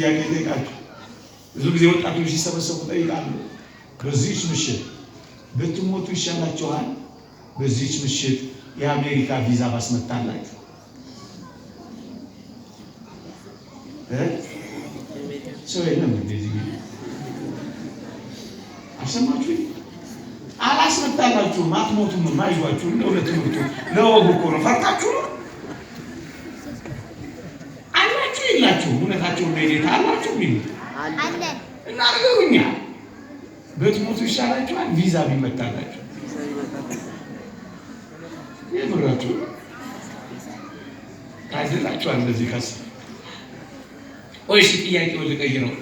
ጥያቄ ይጠይቃሉ። ብዙ ጊዜ ወጣቶች ሲሰበሰቡ ጠይቃሉ። በዚች ምሽት ብትሞቱ ይሻላችኋል፣ በዚች ምሽት የአሜሪካ ቪዛ ባስመታላችሁ። ሰው የለም እንደዚህ አልሰማችሁ፣ አላስመታላችሁም፣ አትሞቱም። አይዟችሁ፣ ለሁለት ለወጉ እኮ ነው። ፈርታችሁ ነው የሌለበታቸው በዴታ አላችሁ ሚሉ እና አርገውኛ በትሞቱ ይሻላችኋል። ቪዛ ቢመታላችሁ የምራችሁ ታድላችኋል። እንደዚህ ከስ ወይስ ጥያቄ ጥያቄው ነው።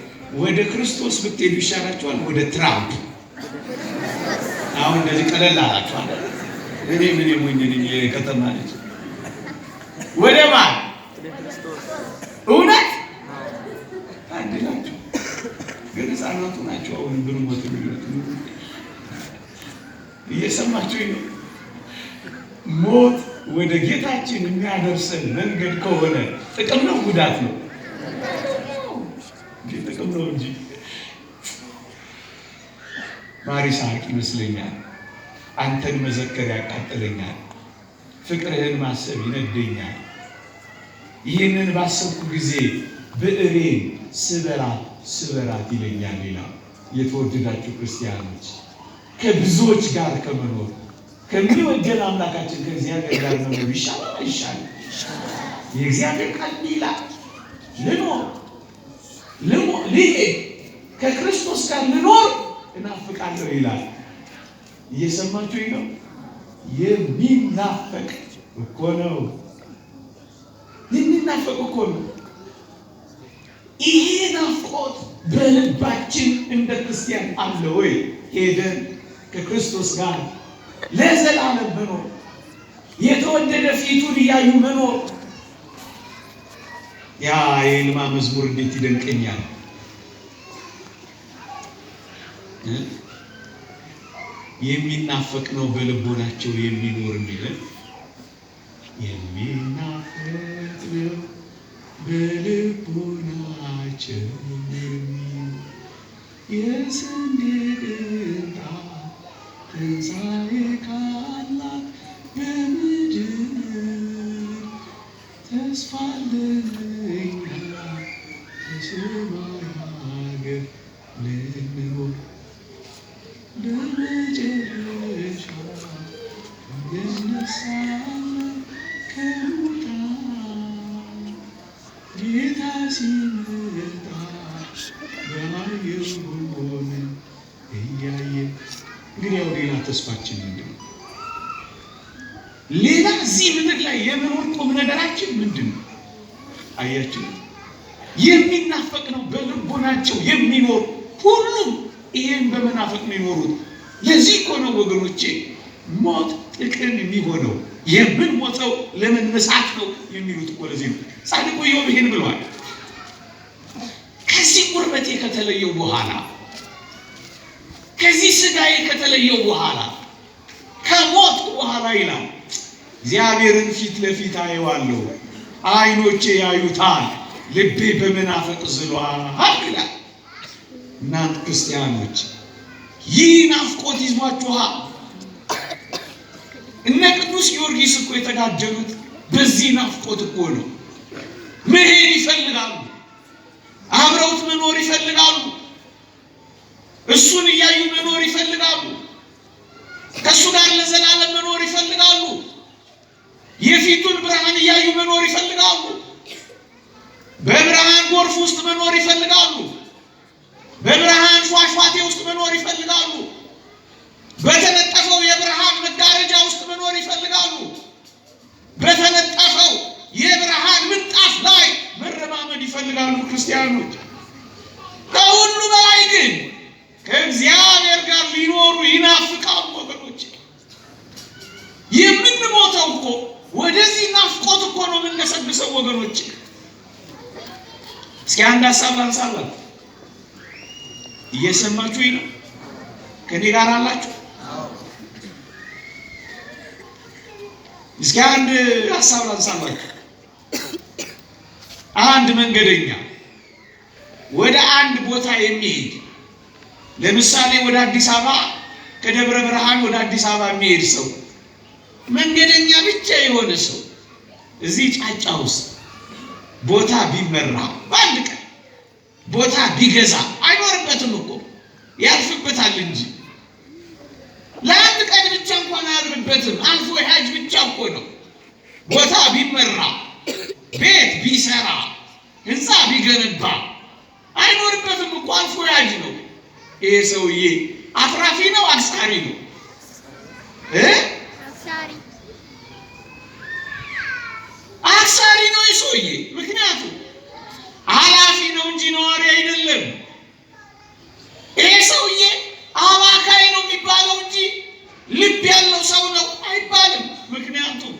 ወደ ክርስቶስ ብትሄዱ ይሻላችኋል ወደ ትራምፕ? አሁን እንደዚህ ቀለል አላችኋል። እኔ ምን ሞኝ ነኝ የከተማ ልጅ ወደ ማን አራቱ ናቸው። አሁን ግንቦት የሚሉት እየሰማችሁኝ ነው። ሞት ወደ ጌታችን የሚያደርሰን መንገድ ከሆነ ጥቅም ነው ጉዳት ነው? ጥቅም ነው እንጂ ማሪሳቅ ይመስለኛል። አንተን መዘከር ያቃጥለኛል፣ ፍቅርህን ማሰብ ይነደኛል። ይህንን ባሰብኩ ጊዜ ብዕሬን ስበራት ስበራት ይለኛል። ሌላ የተወደዳችሁ ክርስቲያኖች ከብዙዎች ጋር ከመኖር ከሚወደን አምላካችን ከእግዚአብሔር ጋር መኖር ይሻላል አይሻልም? የእግዚአብሔር ቃል ይላል ልኖር ልኖር ከክርስቶስ ጋር ልኖር እናፍቃለሁ ይላል። እየሰማችሁኝ ነው? የሚናፈቅ እኮ ነው። የሚናፈቅ እኮ ነው። ይህ ናፍቆት በልባችን እንደ ክርስቲያን አለ ወይ? ሄደን ከክርስቶስ ጋር ለዘላለም መኖር የተወደደ ፊቱን እያዩ መኖር። ያ የልማ መዝሙር እንዴት ይደንቀኛል። የሚናፈቅ ነው በልቦናቸው የሚኖር የሚናፈቅ ነው Canım yüzünden tezahük anlat ömrünü tesfallığıyla tesumaya gönlümü döneceğim Gönlü sana ተስፋችን ምንድን ነው? ሌላ እዚህ ምድር ላይ የመኖር ቁም ነገራችን ምንድን ነው? አያችሁ፣ የሚናፈቅ ነው። በልቦናቸው የሚኖር ሁሉም ይሄን በመናፈቅ ነው የኖሩት። ለዚህ እኮ ነው ወገኖቼ ሞት ጥቅም የሚሆነው የምን የምንሞተው ለመነሳት ነው የሚሉት እኮ ለዚህ ነው። ጻድቁ ኢዮብ ይሄን ብለዋል። ከዚህ ቁርበቴ ከተለየው በኋላ ከዚህ ስጋዬ ከተለየው በኋላ ከሞት በኋላ ይላል እግዚአብሔርን ፊት ለፊት አየዋለሁ፣ አይኖቼ ያዩታል፣ ልቤ በመናፈቅ ዝሏል ይላል። እናንት ክርስቲያኖች ይህ ናፍቆት ይዟችኋል። እነ ቅዱስ ጊዮርጊስ እኮ የተጋጀሉት በዚህ ናፍቆት እኮ ነው። መሄድ ይፈልጋሉ፣ አብረውት መኖር ይፈልጋሉ። እሱን እያዩ መኖር ይፈልጋሉ። ከእሱ ጋር ለዘላለም መኖር ይፈልጋሉ። የፊቱን ብርሃን እያዩ መኖር ይፈልጋሉ። በብርሃን ጎርፍ ውስጥ መኖር ይፈልጋሉ። በብርሃን ፏፏቴ ውስጥ መኖር ይፈልጋሉ። በተነጠፈው የብርሃን መጋረጃ ውስጥ መኖር ይፈልጋሉ። በተነጠፈው የብርሃን ምንጣፍ ላይ መረማመድ ይፈልጋሉ ክርስቲያኖች። እስኪ አንድ ሀሳብ ላንሳላ። እየሰማችሁ ነው? ከኔ ጋር አላችሁ? እስኪ አንድ ሀሳብ ላንሳላችሁ። አንድ መንገደኛ ወደ አንድ ቦታ የሚሄድ ለምሳሌ ወደ አዲስ አበባ ከደብረ ብርሃን ወደ አዲስ አበባ የሚሄድ ሰው መንገደኛ ብቻ የሆነ ሰው እዚህ ጫጫ ውስጥ ቦታ ቢመራ በአንድ ቀን ቦታ ቢገዛ አይኖርበትም እኮ ያልፍበታል እንጂ ለአንድ ቀን ብቻ እንኳን አያርፍበትም። አልፎ ሀጅ ብቻ እኮ ነው። ቦታ ቢመራ ቤት ቢሰራ ህንፃ ቢገነባ አይኖርበትም እኮ አልፎ ሀጅ ነው። ይሄ ሰውዬ አትራፊ ነው፣ አክሳሪ ነው። ነው ሰውዬ። ምክንያቱም ኃላፊ ነው እንጂ ነዋሪ አይደለም። ይሄ ሰውዬ አባካይ ነው የሚባለው እንጂ ልብ ያለው ሰው ነው አይባልም። ምክንያቱም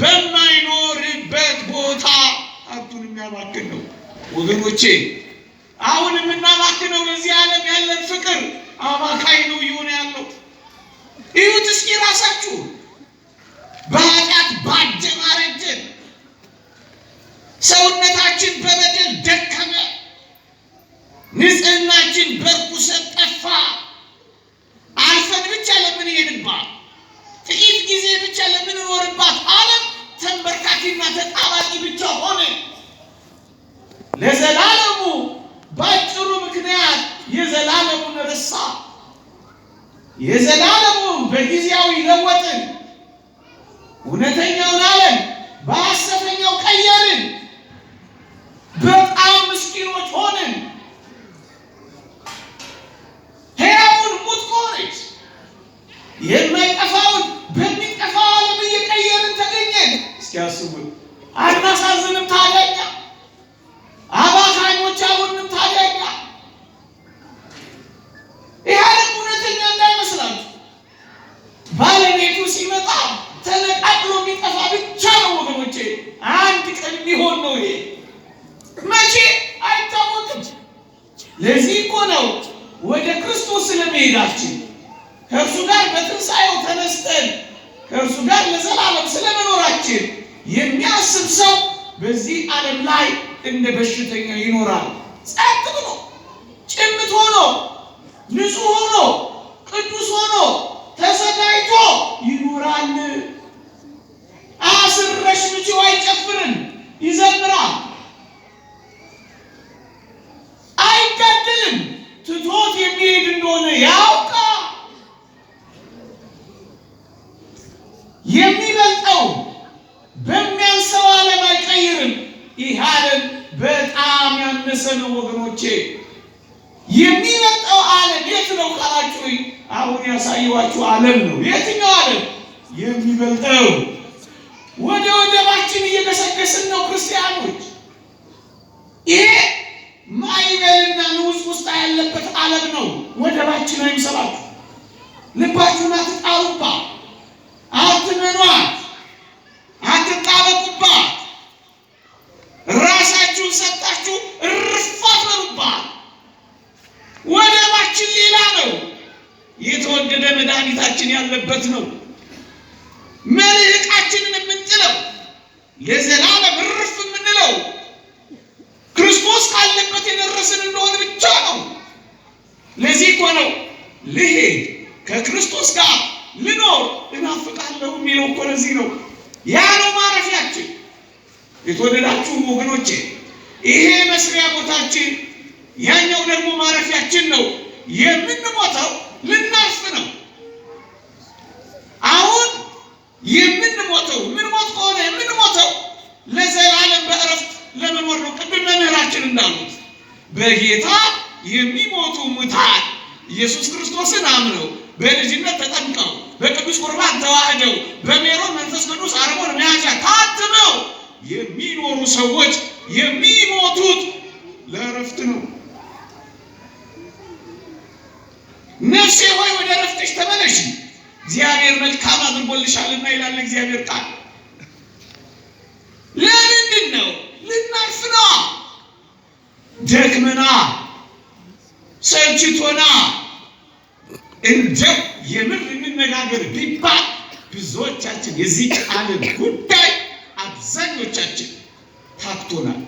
በማይኖርበት ቦታ ሀብቱን የሚያባክን ነው። ወገኖቼ አሁን የምናባክነው ለዚህ ዓለም ያለን ፍቅር አባካይ ነው እየሆነ ያለው። ይሁት እስኪ ራሳችሁ በኃጢአት ባደ ሰውነታችን በበደል ደከመ፣ ንጽህናችን በርኩሰት ጠፋ። አልፈን ብቻ ለምንሄድባት ጥቂት ጊዜ ብቻ ለምን ኖርባት? ዓለም ተንበርካኪና ተጣባቂ ብቻ ሆነ ለዘላለሙ። በአጭሩ ምክንያት የዘላለሙን ረሳ፣ የዘላለሙን በጊዜያዊ ለወጥን እውነተኛ ሲያስቡት አናሳዝንም ታለኛ አባካኞች አሁንም ታለኛ ይህንም እውነተኛ እንዳይመስላል ባለቤቱ ሲመጣ ተነቃቅሎ የሚጠፋ ብቻ ነው ወገኖቼ። አንድ ቀን ሊሆን ነው ይሄ መቼ አይታወቅም። ለዚህ እኮ ነው ወደ ክርስቶስ ስለመሄዳችን ከእርሱ ጋር በትንሣኤው ተነስተን ከእርሱ ጋር ለዘላለም ስለመኖራችን የሚያስብ ሰው በዚህ ዓለም ላይ እንደ በሽተኛ ይኖራል። ጸጥ ብሎ ጭምት ሆኖ ንጹሕ ሆኖ ቅዱስ ሆኖ ተሰቃይቶ ይኖራል። አስረሽ ምጪ አይጨፍርም፣ ይዘምራል። አይጋደልም። ትቶት የሚሄድ እንደሆነ ያውቃል። እየደረሰ ነው ወገኖቼ። የሚመጣው ዓለም የት ነው ካላችሁ አሁን ያሳየኋችሁ ዓለም ነው። የትኛው ዓለም የሚበልጠው? ወደ ወደባችን እየገሰገስን ነው ክርስቲያኖች። ይሄ ማዕበልና ንውስ ውስጥ ያለበት ዓለም ነው። ወደባችን አይምሰባችሁ። ልባችሁን አትጣሉባ፣ አትመኗት መጠየቃችን ያለበት ነው። መልህቃችንን የምንጥለው የዘላለም እርፍ የምንለው ክርስቶስ ካለበት የደረስን እንደሆነ ብቻ ነው። ለዚህ እኮ ነው ልሄድ ከክርስቶስ ጋር ልኖር እናፍቃለሁ የሚለው እኮ ለዚህ ነው። ያ ነው ማረፊያችን። የተወደዳችሁ ወገኖቼ ይሄ መስሪያ ቦታችን፣ ያኛው ደግሞ ማረፊያችን ነው። የምንሞተው ልናርፍ ነው። የምንሞተው ምን ከሆነ የምንሞተው ለዘላለም በእረፍት ለመኖር ነው። ቅድም መምህራችን እንዳሉት በጌታ የሚሞቱ ሙታን ኢየሱስ ክርስቶስን አምነው በልጅነት ተጠምቀው በቅዱስ ቁርባን ተዋህደው በሜሮን መንፈስ ቅዱስ አርሞን መያዣ ታትመው የሚኖሩ ሰዎች የሚሞቱት ለእረፍት ነው። ነፍሴ ሆይ ወደ እረፍትሽ ተመለሺ እግዚአብሔር መልካም አድርጎልሻልና ይላል እግዚአብሔር ቃል። ለምንድን ነው ልናርፍና ደክመና ሰልችቶና እንደ የምር እንነጋገር ቢባል ብዙዎቻችን የዚህ ቃል ጉዳይ አብዛኞቻችን ታክቶናል።